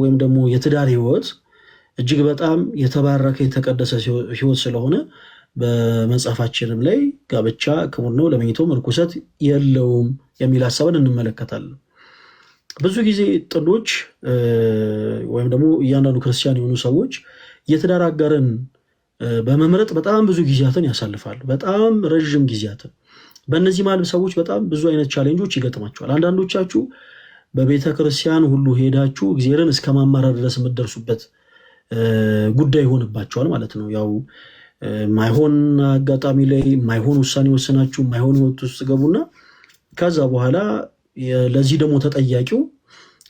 ወይም ደግሞ የትዳር ህይወት እጅግ በጣም የተባረከ የተቀደሰ ህይወት ስለሆነ በመጽሐፋችንም ላይ ጋብቻ ክቡር ነው፣ ለመኝታውም ርኩሰት የለውም የሚል ሀሳብን እንመለከታለን። ብዙ ጊዜ ጥንዶች ወይም ደግሞ እያንዳንዱ ክርስቲያን የሆኑ ሰዎች የትዳር አጋርን በመምረጥ በጣም ብዙ ጊዜያትን ያሳልፋሉ። በጣም ረዥም ጊዜያትን። በእነዚህ ማለም ሰዎች በጣም ብዙ አይነት ቻሌንጆች ይገጥማቸዋል። አንዳንዶቻችሁ በቤተ ክርስቲያን ሁሉ ሄዳችሁ እግዚአብሔርን እስከ ማማረር ድረስ የምትደርሱበት ጉዳይ ይሆንባቸዋል ማለት ነው። ያው ማይሆን አጋጣሚ ላይ ማይሆን ውሳኔ ወስናችሁ ማይሆን ህይወት ውስጥ ገቡና ከዛ በኋላ ለዚህ ደግሞ ተጠያቂው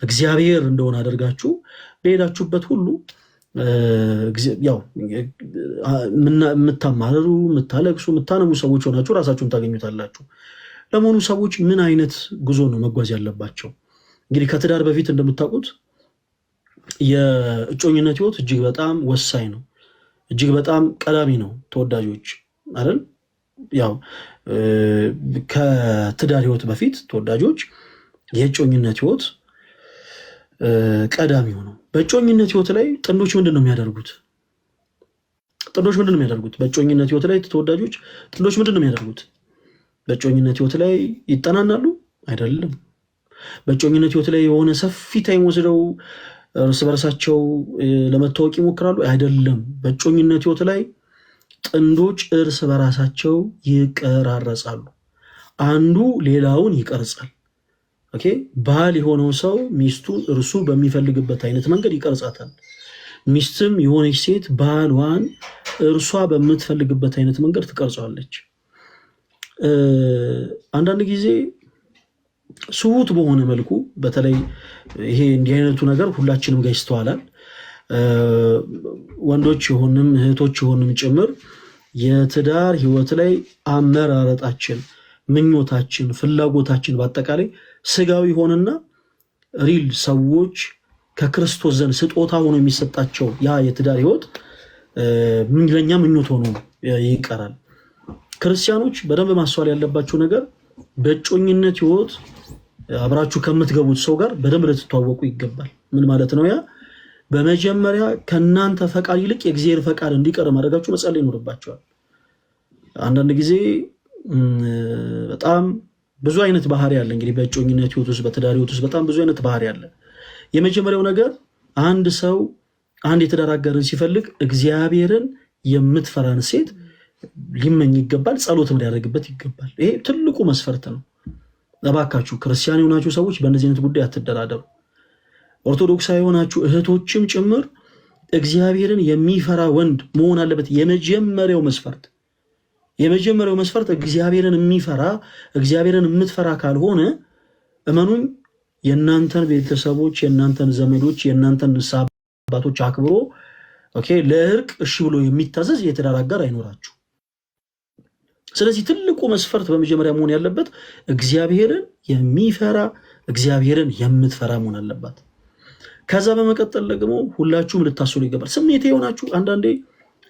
እግዚአብሔር እንደሆነ አደርጋችሁ በሄዳችሁበት ሁሉ ያው የምታማረሩ፣ የምታለቅሱ፣ የምታነቡ ሰዎች ሆናችሁ ራሳችሁን ታገኙታላችሁ። ለመሆኑ ሰዎች ምን አይነት ጉዞ ነው መጓዝ ያለባቸው? እንግዲህ ከትዳር በፊት እንደምታውቁት የእጮኝነት ህይወት እጅግ በጣም ወሳኝ ነው። እጅግ በጣም ቀዳሚ ነው። ተወዳጆች አይደል? ያው ከትዳር ህይወት በፊት ተወዳጆች የእጮኝነት ህይወት ቀዳሚው ነው። በእጮኝነት ህይወት ላይ ጥንዶች ምንድን ነው የሚያደርጉት? ጥንዶች ምንድን ነው የሚያደርጉት? በእጮኝነት ህይወት ላይ ተወዳጆች ጥንዶች ምንድን ነው የሚያደርጉት? በእጮኝነት ህይወት ላይ ይጠናናሉ አይደለም። በእጮኝነት ህይወት ላይ የሆነ ሰፊ ታይም ወስደው እርስ በርሳቸው ለመታወቅ ይሞክራሉ። አይደለም። በእጮኝነት ህይወት ላይ ጥንዶች እርስ በራሳቸው ይቀራረጻሉ። አንዱ ሌላውን ይቀርጻል። ኦኬ። ባል የሆነው ሰው ሚስቱን እርሱ በሚፈልግበት አይነት መንገድ ይቀርጻታል። ሚስትም የሆነች ሴት ባሏን እርሷ በምትፈልግበት አይነት መንገድ ትቀርጸዋለች። አንዳንድ ጊዜ ስሁት በሆነ መልኩ በተለይ ይሄ እንዲህ አይነቱ ነገር ሁላችንም ጋር ይስተዋላል። ወንዶች የሆንም እህቶች የሆንም ጭምር የትዳር ህይወት ላይ አመራረጣችን፣ ምኞታችን፣ ፍላጎታችን በአጠቃላይ ስጋዊ ሆንና ሪል ሰዎች ከክርስቶስ ዘንድ ስጦታ ሆኖ የሚሰጣቸው ያ የትዳር ህይወት ለእኛ ምኞት ሆኖ ይቀራል። ክርስቲያኖች በደንብ ማስተዋል ያለባቸው ነገር በእጮኝነት ህይወት አብራችሁ ከምትገቡት ሰው ጋር በደንብ ልትተዋወቁ ይገባል። ምን ማለት ነው? ያ በመጀመሪያ ከእናንተ ፈቃድ ይልቅ የእግዚአብሔር ፈቃድ እንዲቀር ማድረጋችሁ መጸለይ ይኖርባቸዋል። አንዳንድ ጊዜ በጣም ብዙ አይነት ባህሪ አለ። እንግዲህ በእጮኝነት ህይወት ውስጥ፣ በትዳር ህይወት ውስጥ በጣም ብዙ አይነት ባህሪ አለ። የመጀመሪያው ነገር አንድ ሰው አንድ የትዳር አጋርን ሲፈልግ እግዚአብሔርን የምትፈራን ሴት ሊመኝ ይገባል፣ ጸሎትም ሊያደርግበት ይገባል። ይሄ ትልቁ መስፈርት ነው። እባካችሁ ክርስቲያን የሆናችሁ ሰዎች በእነዚህ አይነት ጉዳይ አትደራደሩ። ኦርቶዶክሳዊ የሆናችሁ እህቶችም ጭምር እግዚአብሔርን የሚፈራ ወንድ መሆን አለበት። የመጀመሪያው መስፈርት የመጀመሪያው መስፈርት እግዚአብሔርን የሚፈራ እግዚአብሔርን የምትፈራ ካልሆነ እመኑም የእናንተን ቤተሰቦች፣ የእናንተን ዘመዶች፣ የእናንተን ንስሐ አባቶች አክብሮ ለእርቅ እሺ ብሎ የሚታዘዝ የትዳር አጋር አይኖራችሁ። ስለዚህ ትልቁ መስፈርት በመጀመሪያ መሆን ያለበት እግዚአብሔርን የሚፈራ እግዚአብሔርን የምትፈራ መሆን አለባት። ከዛ በመቀጠል ደግሞ ሁላችሁም ልታስሉ ይገባል። ስሜት የሆናችሁ አንዳንዴ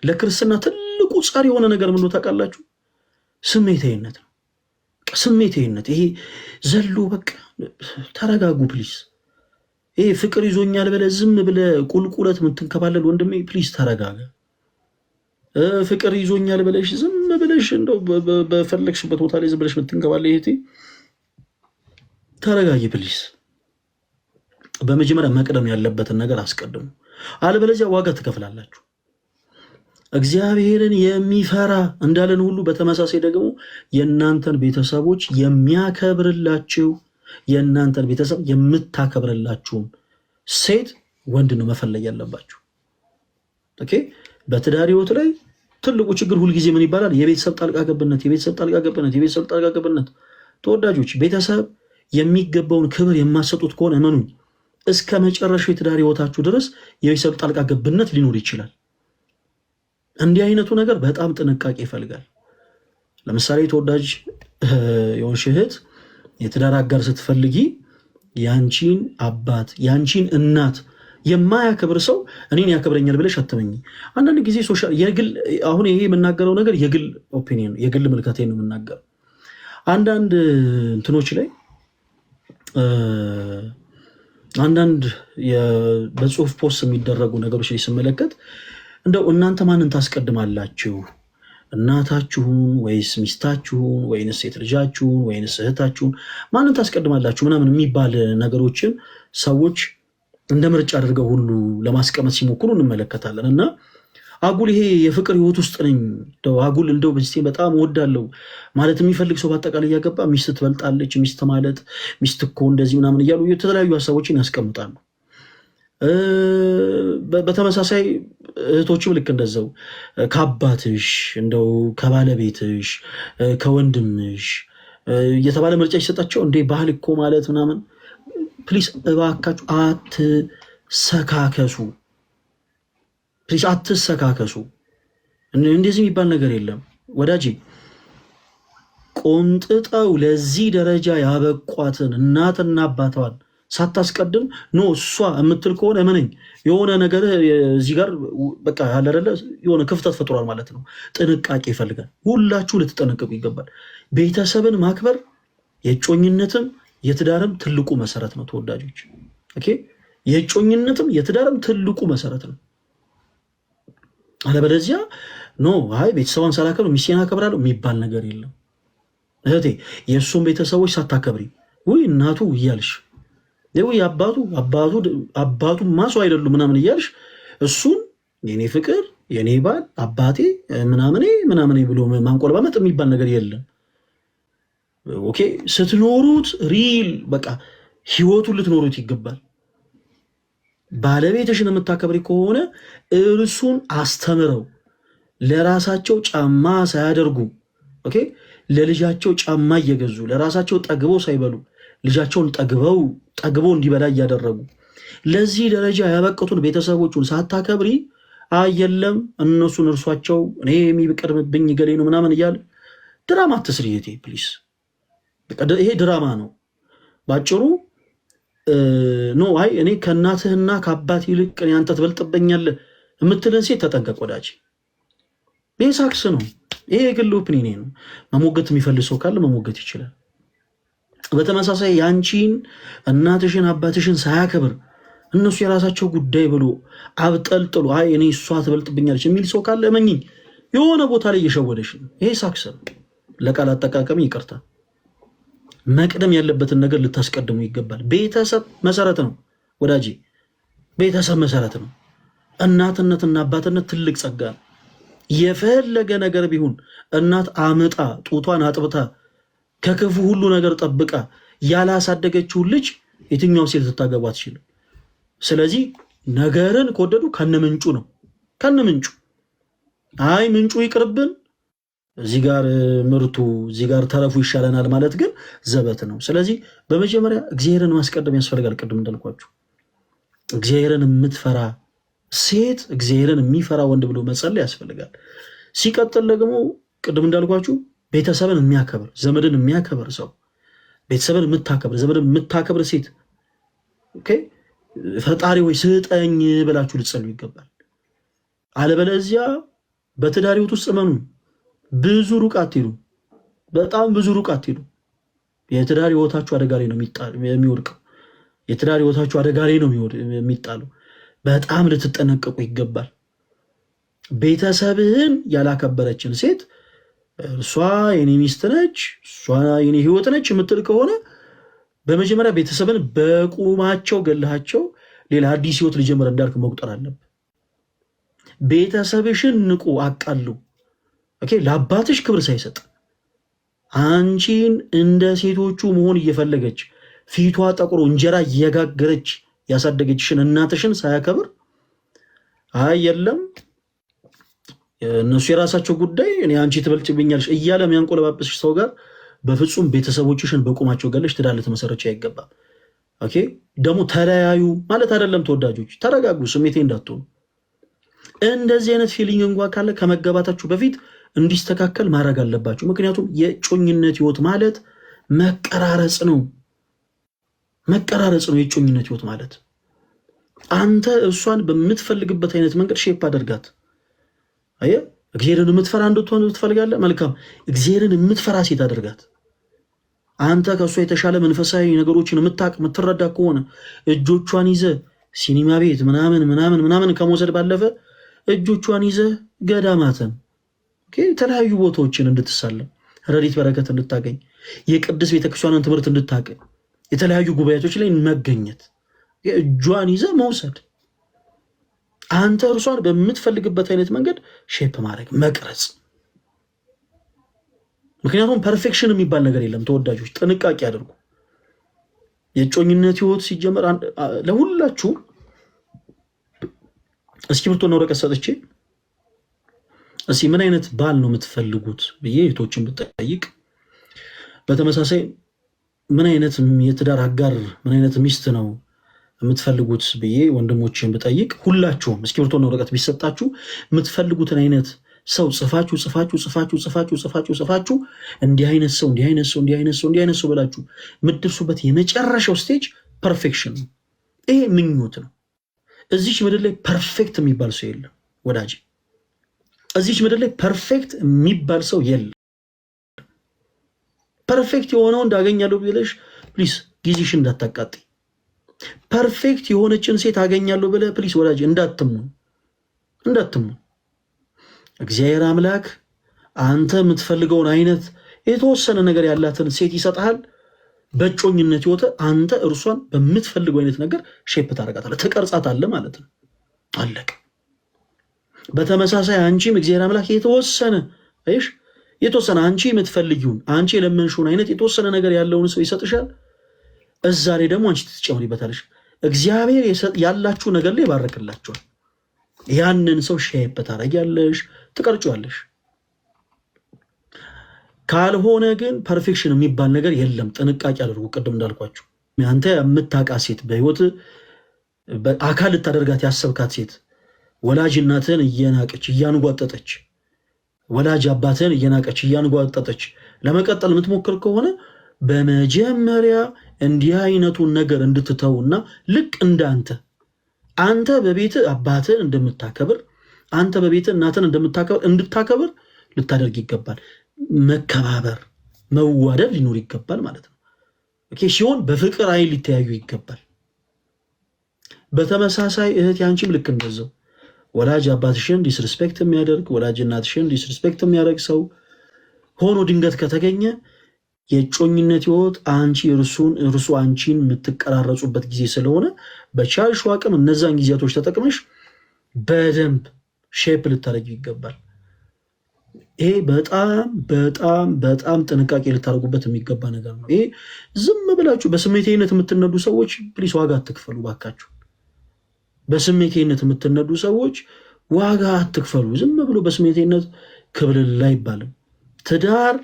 ለክርስትና ትልቁ ጸር የሆነ ነገር ምን ታውቃላችሁ? ስሜታዊነት ነው። ስሜታዊነት ይሄ ዘሎ በቃ ተረጋጉ ፕሊስ። ይሄ ፍቅር ይዞኛል ብለ ዝም ብለ ቁልቁለት የምትንከባለል ወንድሜ ፕሊዝ ተረጋጋ። ፍቅር ይዞኛል ብለሽ ዝም ብለሽ እንደው በፈለግሽበት ቦታ ላይ ዝም ብለሽ ብትንገባለ ይሄቴ ተረጋጊ ፕሊስ። በመጀመሪያ መቅደም ያለበትን ነገር አስቀድሙ፣ አለበለዚያ ዋጋ ትከፍላላችሁ። እግዚአብሔርን የሚፈራ እንዳለን ሁሉ በተመሳሳይ ደግሞ የእናንተን ቤተሰቦች የሚያከብርላችሁ የእናንተን ቤተሰብ የምታከብርላችሁም ሴት ወንድ ነው መፈለግ ያለባችሁ። ኦኬ በትዳር ህይወት ላይ ትልቁ ችግር ሁልጊዜ ምን ይባላል? የቤተሰብ ጣልቃ ገብነት፣ የቤተሰብ ጣልቃ ገብነት፣ የቤተሰብ ጣልቃ ገብነት። ተወዳጆች ቤተሰብ የሚገባውን ክብር የማሰጡት ከሆነ እመኑኝ እስከ መጨረሻው የትዳር ህይወታችሁ ድረስ የቤተሰብ ጣልቃ ገብነት ሊኖር ይችላል። እንዲህ አይነቱ ነገር በጣም ጥንቃቄ ይፈልጋል። ለምሳሌ ተወዳጅ የሆንሽ እህት የትዳር አጋር ስትፈልጊ ያንቺን አባት ያንቺን እናት የማያከብር ሰው እኔን ያከብረኛል ብለሽ አተመኝ። አንዳንድ ጊዜ የግል አሁን ይሄ የምናገረው ነገር የግል ኦፒኒየን የግል ምልከቴ ነው የምናገረው። አንዳንድ እንትኖች ላይ አንዳንድ በጽሁፍ ፖስት የሚደረጉ ነገሮች ላይ ስመለከት እንደው እናንተ ማንን ታስቀድማላችሁ? እናታችሁን ወይስ ሚስታችሁን ወይንስ ሴት ልጃችሁን ወይንስ እህታችሁን ማንን ታስቀድማላችሁ ምናምን የሚባል ነገሮችን ሰዎች እንደ ምርጫ አድርገው ሁሉ ለማስቀመጥ ሲሞክሩ እንመለከታለን እና አጉል ይሄ የፍቅር ህይወት ውስጥ ነኝ እንደው አጉል እንደው በስቴ በጣም ወዳለው ማለት የሚፈልግ ሰው በአጠቃላይ እያገባ ሚስት ትበልጣለች፣ ሚስት ማለት ሚስት እኮ እንደዚህ ምናምን እያሉ የተለያዩ ሀሳቦችን ያስቀምጣሉ። በተመሳሳይ እህቶችም ልክ እንደዛው ከአባትሽ እንደው ከባለቤትሽ ከወንድምሽ እየተባለ ምርጫ ሲሰጣቸው እንዴ ባህል እኮ ማለት ምናምን ፕሊስ እባካችሁ አትሰካከሱ። ፕሊስ አትሰካከሱ። እንደዚህ የሚባል ነገር የለም ወዳጅ። ቆንጥጠው ለዚህ ደረጃ ያበቋትን እናትና አባቷን ሳታስቀድም ኖ እሷ የምትል ከሆነ እመነኝ፣ የሆነ ነገር እዚህ ጋር በቃ ያለ የሆነ ክፍተት ፈጥሯል ማለት ነው። ጥንቃቄ ይፈልጋል። ሁላችሁ ልትጠነቀቁ ይገባል። ቤተሰብን ማክበር የእጮኝነትም የትዳርም ትልቁ መሰረት ነው ተወዳጆች። ኦኬ የእጮኝነትም የትዳርም ትልቁ መሰረት ነው። አለበለዚያ ኖ አይ ቤተሰቧን ሳላከብ ሚስቴን አከብራለሁ የሚባል ነገር የለም። እህቴ የእሱን ቤተሰቦች ሳታከብሪ ውይ እናቱ እያልሽ ውይ አባቱ አባቱ አባቱ ማሱ አይደሉ ምናምን እያልሽ እሱን የኔ ፍቅር የኔ ባል አባቴ ምናምኔ ምናምኔ ብሎ ማንቆለባመጥ የሚባል ነገር የለም። ኦኬ ስትኖሩት ሪል በቃ ህይወቱን ልትኖሩት ይገባል። ባለቤትሽን የምታከብሪ ከሆነ እርሱን አስተምረው ለራሳቸው ጫማ ሳያደርጉ ኦኬ ለልጃቸው ጫማ እየገዙ ለራሳቸው ጠግበው ሳይበሉ ልጃቸውን ጠግበው ጠግበው እንዲበላ እያደረጉ ለዚህ ደረጃ ያበቅቱን ቤተሰቦቹን ሳታከብሪ አይ የለም እነሱን እርሷቸው እኔ የሚቀድምብኝ ገሌ ነው ምናምን እያለ ድራማ አትስሪ እህቴ ፕሊስ። ይሄ ድራማ ነው ባጭሩ። ኖ አይ እኔ ከእናትህና ከአባት ይልቅ አንተ ትበልጥበኛለህ የምትልን ሴት ተጠንቀቅ ወዳጅ። ይሄ ሳክስ ነው። ይሄ የግል ኦፒኒኔ ነው። መሞገት የሚፈልግ ሰው ካለ መሞገት ይችላል። በተመሳሳይ የአንቺን እናትሽን አባትሽን ሳያከብር እነሱ የራሳቸው ጉዳይ ብሎ አብጠልጥሎ አይ እኔ እሷ ትበልጥብኛለች የሚል ሰው ካለ እመኚኝ የሆነ ቦታ ላይ እየሸወደሽ ነው። ይሄ ሳክስ ነው። ለቃል አጠቃቀሚ ይቅርታል። መቅደም ያለበትን ነገር ልታስቀድሙ ይገባል። ቤተሰብ መሰረት ነው ወዳጄ፣ ቤተሰብ መሰረት ነው። እናትነትና አባትነት ትልቅ ጸጋ ነው። የፈለገ ነገር ቢሆን እናት አምጣ ጡቷን አጥብታ ከክፉ ሁሉ ነገር ጠብቃ ያላሳደገችውን ልጅ የትኛውም ሴት ልታገባ አትችልም። ስለዚህ ነገርን ከወደዱ ከነ ምንጩ ነው ከነ ምንጩ አይ ምንጩ ይቅርብን እዚህ ጋር ምርቱ እዚህ ጋር ተረፉ ይሻለናል ማለት ግን ዘበት ነው። ስለዚህ በመጀመሪያ እግዚአብሔርን ማስቀደም ያስፈልጋል። ቅድም እንዳልኳችሁ እግዚአብሔርን የምትፈራ ሴት እግዚአብሔርን የሚፈራ ወንድ ብሎ መጸለይ ያስፈልጋል። ሲቀጥል ደግሞ ቅድም እንዳልኳችሁ ቤተሰብን የሚያከብር ዘመድን የሚያከብር ሰው ቤተሰብን የምታከብር ዘመድን የምታከብር ሴት ፈጣሪ ወይ ስጠኝ ብላችሁ ልጸሉ ይገባል። አለበለዚያ በትዳር ውስጥ መኑ ብዙ ሩቅ አትሄዱ። በጣም ብዙ ሩቅ አትሄዱ። የትዳር ህይወታችሁ አደጋ ላይ ነው የሚወድቀው። የትዳር ህይወታችሁ አደጋ ላይ ነው የሚጣለው። በጣም ልትጠነቀቁ ይገባል። ቤተሰብህን ያላከበረችን ሴት እሷ የኔ ሚስት ነች፣ እሷ የኔ ህይወት ነች የምትል ከሆነ በመጀመሪያ ቤተሰብን በቁማቸው ገላቸው ሌላ አዲስ ህይወት ሊጀምር እንዳልክ መቁጠር አለብህ። ቤተሰብሽን ንቁ፣ አቃሉ ኦኬ ለአባትሽ ክብር ሳይሰጥ አንቺን እንደ ሴቶቹ መሆን እየፈለገች ፊቷ ጠቁሮ እንጀራ እየጋገረች ያሳደገችሽን እናትሽን ሳያከብር አይ የለም እነሱ የራሳቸው ጉዳይ እኔ አንቺ ትበልጭብኛለሽ እያለ የሚያንቆለባበስሽ ሰው ጋር በፍጹም ቤተሰቦችሽን በቁማቸው ገለሽ ትዳር ልትመሰረች አይገባም። ኦኬ ደግሞ ተለያዩ ማለት አይደለም። ተወዳጆች ተረጋጉ፣ ስሜቴ እንዳትሆኑ። እንደዚህ አይነት ፊሊንግ እንኳ ካለ ከመገባታችሁ በፊት እንዲስተካከል ማድረግ አለባቸው። ምክንያቱም የእጮኝነት ህይወት ማለት መቀራረጽ ነው። መቀራረጽ ነው የእጮኝነት ህይወት ማለት። አንተ እሷን በምትፈልግበት አይነት መንገድ ሼፕ አደርጋት። አየህ፣ እግዚአብሔርን የምትፈራ እንድትሆን ትፈልጋለህ? መልካም፣ እግዚአብሔርን የምትፈራ ሴት አደርጋት። አንተ ከእሷ የተሻለ መንፈሳዊ ነገሮችን የምታቅ የምትረዳ ከሆነ እጆቿን ይዘ ሲኒማ ቤት ምናምን ምናምን ምናምን ከመውሰድ ባለፈ እጆቿን ይዘ ገዳማትን የተለያዩ ቦታዎችን እንድትሳለም ረዲት በረከት እንድታገኝ የቅድስት ቤተክርስቲያንን ትምህርት እንድታገኝ የተለያዩ ጉባኤቶች ላይ መገኘት እጇን ይዘ መውሰድ አንተ እርሷን በምትፈልግበት አይነት መንገድ ሼፕ ማድረግ መቅረጽ። ምክንያቱም ፐርፌክሽን የሚባል ነገር የለም። ተወዳጆች ጥንቃቄ አድርጉ። የእጮኝነት ህይወት ሲጀመር ለሁላችሁ እስክሪብቶና ወረቀት ሰጥቼ እስኪ ምን አይነት ባል ነው የምትፈልጉት ብዬ እህቶችን ብጠይቅ፣ በተመሳሳይ ምን አይነት የትዳር አጋር ምን አይነት ሚስት ነው የምትፈልጉት ብዬ ወንድሞችን ብጠይቅ፣ ሁላችሁም እስክሪብቶና ወረቀት ቢሰጣችሁ የምትፈልጉትን አይነት ሰው ጽፋችሁ ጽፋችሁ ጽፋችሁ ጽፋችሁ ጽፋችሁ ጽፋችሁ እንዲህ አይነት ሰው እንዲህ አይነት ሰው እንዲህ አይነት ሰው እንዲህ አይነት ሰው ብላችሁ የምትደርሱበት የመጨረሻው ስቴጅ ፐርፌክሽን ነው። ይሄ ምኞት ነው። እዚች ምድር ላይ ፐርፌክት የሚባል ሰው የለም ወዳጅ እዚች ምድር ላይ ፐርፌክት የሚባል ሰው የለም። ፐርፌክት የሆነው እንዳገኛለሁ ብለሽ ፕሊስ ጊዜሽ እንዳታቃጥ። ፐርፌክት የሆነችን ሴት አገኛለሁ ብለ ፕሊስ ወዳጅ እንዳትሙ እንዳትሙ። እግዚአብሔር አምላክ አንተ የምትፈልገውን አይነት የተወሰነ ነገር ያላትን ሴት ይሰጥሃል። በእጮኝነት ህይወት አንተ እርሷን በምትፈልገው አይነት ነገር ሼፕ ታደርጋታለህ፣ ትቀርጻታለህ ማለት ነው። አለቀ። በተመሳሳይ አንቺም እግዚአብሔር አምላክ የተወሰነ ይሽ የተወሰነ አንቺ የምትፈልጊውን አንቺ የለመንሽውን አይነት የተወሰነ ነገር ያለውን ሰው ይሰጥሻል። እዛ ላይ ደግሞ አንቺ ትጨምሪበታለሽ። እግዚአብሔር ያላችሁ ነገር ላይ ይባርክላችኋል። ያንን ሰው ሻይበት አረጊያለሽ፣ ትቀርጫለሽ። ካልሆነ ግን ፐርፌክሽን የሚባል ነገር የለም። ጥንቃቄ አድርጉ። ቅድም እንዳልኳችሁ አንተ የምታውቃት ሴት በህይወት አካል ልታደርጋት ያሰብካት ሴት ወላጅ እናትን እየናቀች እያንጓጠጠች፣ ወላጅ አባትን እየናቀች እያንጓጠጠች ለመቀጠል የምትሞክር ከሆነ በመጀመሪያ እንዲህ አይነቱን ነገር እንድትተውና ልክ እንደ አንተ አንተ በቤት አባትን እንደምታከብር አንተ በቤት እናትን እንደምታከብር እንድታከብር ልታደርግ ይገባል። መከባበር መዋደድ ሊኖር ይገባል ማለት ነው። ሲሆን በፍቅር አይን ሊተያዩ ይገባል። በተመሳሳይ እህት ያንቺም ልክ እንደዛው ወላጅ አባትሽን ዲስሪስፔክት የሚያደርግ ወላጅ እናትሽን ዲስሪስፔክት የሚያደርግ ሰው ሆኖ ድንገት ከተገኘ የእጮኝነት ህይወት አንቺ እርሱን እርሱ አንቺን የምትቀራረጹበት ጊዜ ስለሆነ በቻልሹ አቅም እነዛን ጊዜያቶች ተጠቅመሽ በደንብ ሼፕ ልታደረግ ይገባል። ይሄ በጣም በጣም በጣም ጥንቃቄ ልታደርጉበት የሚገባ ነገር ነው። ይሄ ዝም ብላችሁ በስሜታዊነት የምትነዱ ሰዎች ፕሊስ ዋጋ አትክፈሉ ባካችሁ። በስሜቴነት የምትነዱ ሰዎች ዋጋ አትክፈሉ። ዝም ብሎ በስሜቴነት ክብልል አይባልም። ትዳር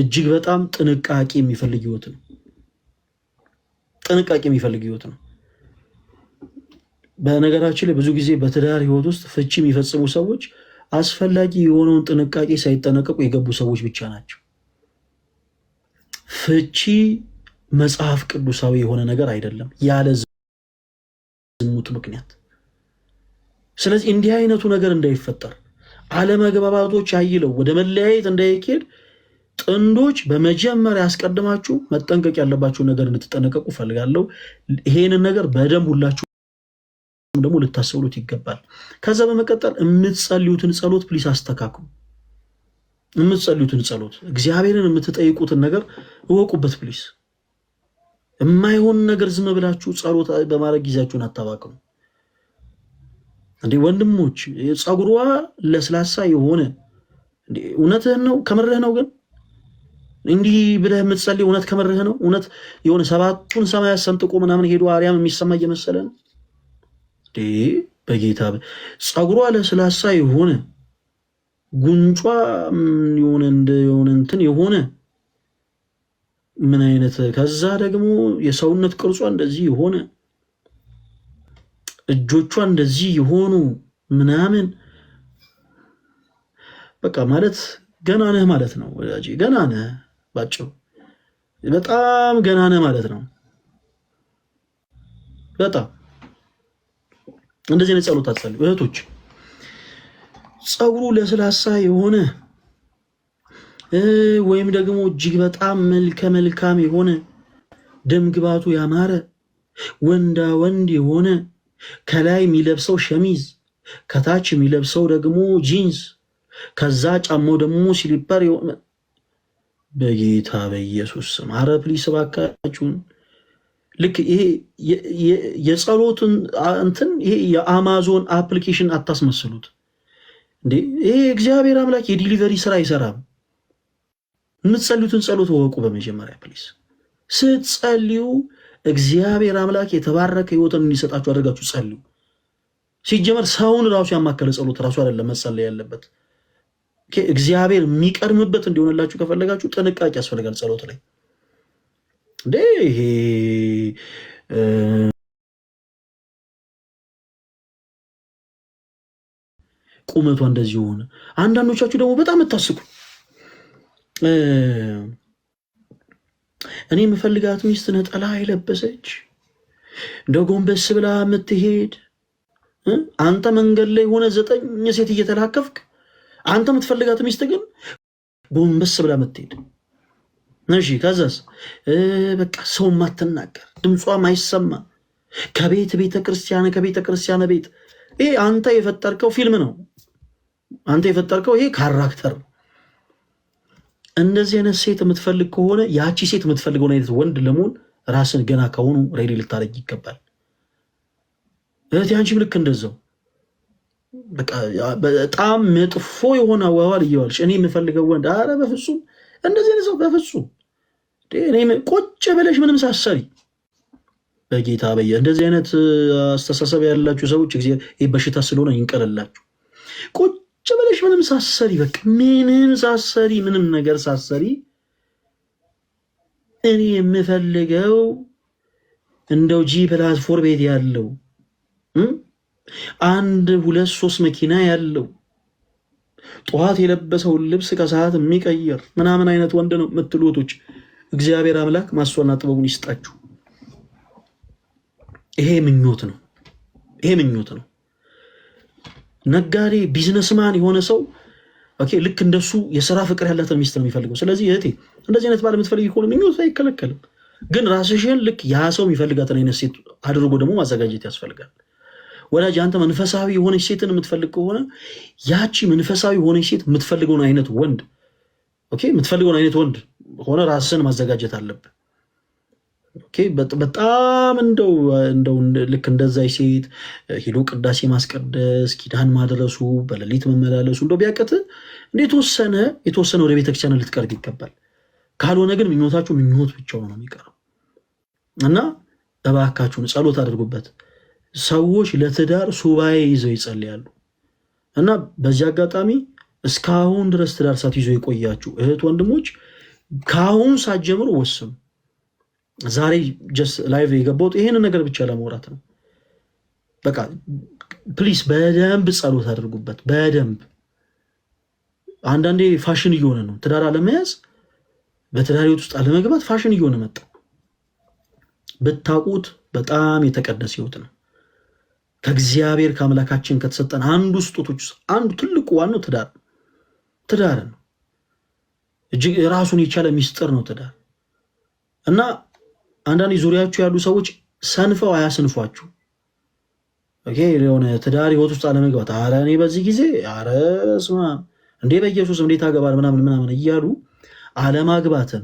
እጅግ በጣም ጥንቃቄ የሚፈልግ ህይወት ነው። ጥንቃቄ የሚፈልግ ህይወት ነው። በነገራችን ላይ ብዙ ጊዜ በትዳር ህይወት ውስጥ ፍቺ የሚፈጽሙ ሰዎች አስፈላጊ የሆነውን ጥንቃቄ ሳይጠነቀቁ የገቡ ሰዎች ብቻ ናቸው። ፍቺ መጽሐፍ ቅዱሳዊ የሆነ ነገር አይደለም ያለ በዝሙት ምክንያት። ስለዚህ እንዲህ አይነቱ ነገር እንዳይፈጠር አለመግባባቶች አይለው ወደ መለያየት እንዳይኬድ ጥንዶች በመጀመሪያ ያስቀድማችሁ መጠንቀቅ ያለባችሁ ነገር እንድትጠነቀቁ ፈልጋለሁ። ይሄንን ነገር በደንብ ሁላችሁ ደግሞ ልታሰብሉት ይገባል። ከዛ በመቀጠል የምትጸልዩትን ጸሎት ፕሊስ አስተካክሉ። የምትጸልዩትን ጸሎት እግዚአብሔርን የምትጠይቁትን ነገር እወቁበት ፕሊስ። የማይሆን ነገር ዝም ብላችሁ ጸሎት በማድረግ ጊዜያችሁን አታባክኑ። እንዴ ወንድሞች፣ ጸጉሯ ለስላሳ የሆነ እውነትህን ነው ከምርህ ነው ግን እንዲህ ብለህ የምትጸልይ እውነት ከምርህ ነው? እውነት የሆነ ሰባቱን ሰማያት ሰንጥቆ ምናምን ሄዶ አርያም የሚሰማ እየመሰለ ነው። በጌታ ጸጉሯ ለስላሳ የሆነ ጉንጯ የሆነ እንደ የሆነ እንትን የሆነ ምን አይነት ከዛ ደግሞ የሰውነት ቅርጿ እንደዚህ የሆነ እጆቿ እንደዚህ የሆኑ ምናምን በቃ ማለት ገና ነህ ማለት ነው ወዳጄ፣ ገና ነህ ባጭሩ፣ በጣም ገና ነህ ማለት ነው። በጣም እንደዚህ አይነት ጸሎት አትጸልዩ እህቶች። ጸጉሩ ለስላሳ የሆነ ወይም ደግሞ እጅግ በጣም መልከ መልካም የሆነ ደም ግባቱ ያማረ ወንዳ ወንድ የሆነ ከላይ የሚለብሰው ሸሚዝ ከታች የሚለብሰው ደግሞ ጂንስ ከዛ ጫማው ደግሞ ሲሊፐር በጌታ በኢየሱስ ስም አረ ፕሊስ እባካችሁን ልክ ይሄ የጸሎትን እንትን ይሄ የአማዞን አፕሊኬሽን አታስመስሉት እንዴ ይሄ እግዚአብሔር አምላክ የዲሊቨሪ ስራ አይሰራም የምትጸልዩትን ጸሎት ወቁ። በመጀመሪያ ፕሊስ ስትጸልዩ እግዚአብሔር አምላክ የተባረከ ህይወትን እንዲሰጣችሁ አድርጋችሁ ጸልዩ። ሲጀመር ሰውን ራሱ ያማከለ ጸሎት ራሱ አይደለም መጸለይ ያለበት። እግዚአብሔር የሚቀድምበት እንዲሆንላችሁ ከፈለጋችሁ ጥንቃቄ ያስፈልጋል ጸሎት ላይ ቁመቷ እንደዚህ ሆነ። አንዳንዶቻችሁ ደግሞ በጣም የምታስቁ እኔ የምፈልጋት ሚስት ነጠላ የለበሰች እንደ ጎንበስ ብላ የምትሄድ አንተ መንገድ ላይ ሆነ ዘጠኝ ሴት እየተላከፍክ አንተ የምትፈልጋት ሚስት ግን ጎንበስ ብላ የምትሄድ እሺ፣ ከዛስ በቃ ሰው ማትናገር፣ ድምጿ ማይሰማ ከቤት ቤተ ክርስቲያን ከቤተ ክርስቲያን ቤት። ይሄ አንተ የፈጠርከው ፊልም ነው። አንተ የፈጠርከው ይሄ ካራክተር ነው። እንደዚህ አይነት ሴት የምትፈልግ ከሆነ ያቺ ሴት የምትፈልገውን አይነት ወንድ ለመሆን ራስን ገና ከሆኑ ሬዲ ልታደርግ ይገባል። እህቴ አንቺም ልክ እንደዛው በጣም መጥፎ የሆነ አዋዋል እየዋልሽ እኔ የምፈልገው ወንድ አረ በፍጹም እንደዚህ አይነት ሰው በፍጹም ቁጭ ብለሽ ምንም ሳሰሪ በጌታ በየ እንደዚህ አይነት አስተሳሰብ ያላችሁ ሰዎች ይህ በሽታ ስለሆነ ይንቀልላችሁ። ቁጭ ብለሽ ምንም ሳሰሪ በቃ ምንም ሳሰሪ ምንም ነገር ሳሰሪ እኔ የምፈልገው እንደው ጂ ፕላትፎርም ቤት ያለው አንድ ሁለት ሶስት መኪና ያለው ጠዋት የለበሰውን ልብስ ከሰዓት የሚቀይር ምናምን አይነት ወንድ ነው የምትሉቶች፣ እግዚአብሔር አምላክ ማስተዋልና ጥበቡን ይስጣችሁ። ይሄ ምኞት ነው። ይሄ ምኞት ነው። ነጋዴ ቢዝነስማን የሆነ ሰው ኦኬ፣ ልክ እንደሱ የስራ ፍቅር ያላትን ሚስት ነው የሚፈልገው። ስለዚህ እህቴ እንደዚህ አይነት ባል የምትፈልግ ከሆነ ምኞት አይከለከልም፣ ግን ራስሽን ልክ ያ ሰው የሚፈልጋትን አይነት ሴት አድርጎ ደግሞ ማዘጋጀት ያስፈልጋል። ወዳጅ አንተ መንፈሳዊ የሆነች ሴትን የምትፈልግ ከሆነ ያቺ መንፈሳዊ የሆነች ሴት የምትፈልገውን አይነት ወንድ ኦኬ፣ የምትፈልገውን አይነት ወንድ ሆነ ራስን ማዘጋጀት አለብን። በጣም እንደው እንደው ልክ እንደዛ ሴት ሄዶ ቅዳሴ ማስቀደስ ኪዳን ማድረሱ በሌሊት መመላለሱ እንደው ቢያቀት እንደ የተወሰነ የተወሰነ ወደ ቤተክርስቲያን ልትቀርብ ይገባል። ካልሆነ ግን ምኞታችሁ ምኞት ብቻ ነው የሚቀረው እና እባካችሁን ጸሎት አድርጉበት። ሰዎች ለትዳር ሱባኤ ይዘው ይጸልያሉ እና በዚህ አጋጣሚ እስካሁን ድረስ ትዳር ይዞ የቆያችሁ እህት ወንድሞች ከአሁን ሳትጀምሩ ወስኑ። ዛሬ ጀስት ላይቭ የገባሁት ይሄንን ነገር ብቻ ለመውራት ነው። በቃ ፕሊስ በደንብ ጸሎት አድርጉበት። በደንብ አንዳንዴ ፋሽን እየሆነ ነው። ትዳር አለመያዝ፣ በትዳር ህይወት ውስጥ አለመግባት ፋሽን እየሆነ መጣ። ብታውቁት በጣም የተቀደሰ ህይወት ነው። ከእግዚአብሔር ከአምላካችን ከተሰጠን አንዱ ስጦቶች ውስጥ አንዱ ትልቁ ዋናው ትዳር ትዳር ነው። እጅግ ራሱን የቻለ ሚስጥር ነው ትዳር እና አንዳንድ ዙሪያችሁ ያሉ ሰዎች ሰንፈው አያስንፏችሁ። የሆነ ትዳር ህይወት ውስጥ አለመግባት፣ አረ እኔ በዚህ ጊዜ አረ ስማ እንዴ በኢየሱስ እንዴት አገባል ምናምን ምናምን እያሉ አለማግባትን፣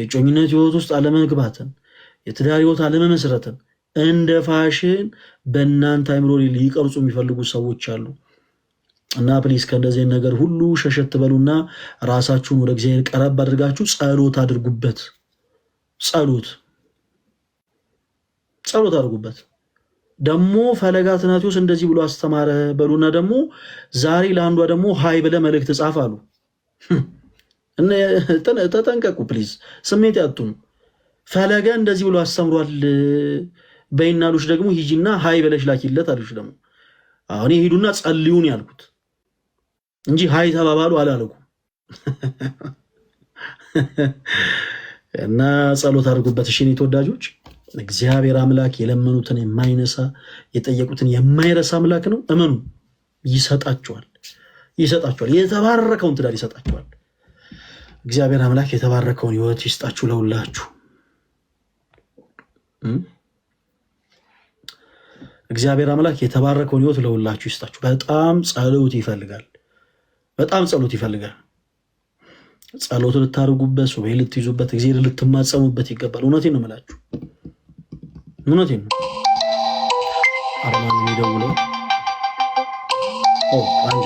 የጮኝነት ህይወት ውስጥ አለመግባትን፣ የትዳር ህይወት አለመመስረትን እንደ ፋሽን በእናንተ አይምሮ ሊቀርጹ የሚፈልጉ ሰዎች አሉ። እና ፕሊስ ከእንደዚህ ነገር ሁሉ ሸሸት በሉና ራሳችሁን ወደ እግዚአብሔር ቀረብ አድርጋችሁ ጸሎት አድርጉበት። ጸሎት ጸሎት አድርጉበት። ደግሞ ፈለገ አትናቴዎስ እንደዚህ ብሎ አስተማረ በሉና ደግሞ ዛሬ ለአንዷ ደግሞ ሀይ ብለ መልእክት ጻፍ አሉ። ተጠንቀቁ ፕሊዝ፣ ስሜት ያቱም ፈለገ እንደዚህ ብሎ አስተምሯል በይናሉሽ ደግሞ ሂጂና ሀይ ብለሽ ላኪለት አሉሽ። ደግሞ አሁን ሂዱና ጸልዩን ያልኩት እንጂ ሀይ ተባባሉ አላለኩም። እና ጸሎት አድርጉበት እሺ፣ እኔ ተወዳጆች እግዚአብሔር አምላክ የለመኑትን የማይነሳ የጠየቁትን የማይረሳ አምላክ ነው። እመኑ፣ ይሰጣቸዋል፣ ይሰጣቸዋል። የተባረከውን ትዳር ይሰጣቸዋል። እግዚአብሔር አምላክ የተባረከውን ሕይወት ይስጣችሁ ለሁላችሁ። እግዚአብሔር አምላክ የተባረከውን ሕይወት ለሁላችሁ ይስጣችሁ። በጣም ጸሎት ይፈልጋል። በጣም ጸሎት ይፈልጋል። ጸሎት ልታደርጉበት፣ ሱባኤ ልትይዙበት፣ እግዚአብሔር ልትማጸሙበት ይገባል። እውነቴን ነው የምላችሁ። እውነቴን ነው። አርማን የሚደውለው አንዴ